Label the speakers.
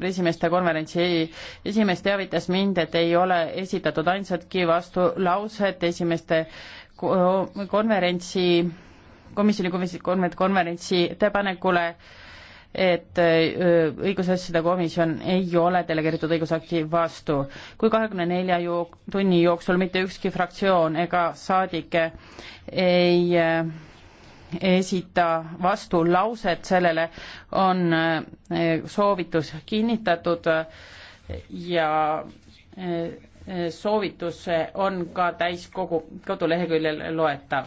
Speaker 1: esimeeste konverentsi esimees teavitas mind, et ei ole esitatud ainsatki vastulauset esimeeste konverentsi, komisjoni konverentsi ettepanekule, et äh, õigusasjade komisjon ei ole delegeeritud õigusakti vastu. kui kahekümne nelja tunni jooksul mitte ükski fraktsioon ega saadik ei äh, esita vastulauset, sellele on eh, soovitus kinnitatud eh, ja eh, soovitus on ka täiskogu koduleheküljel loetav.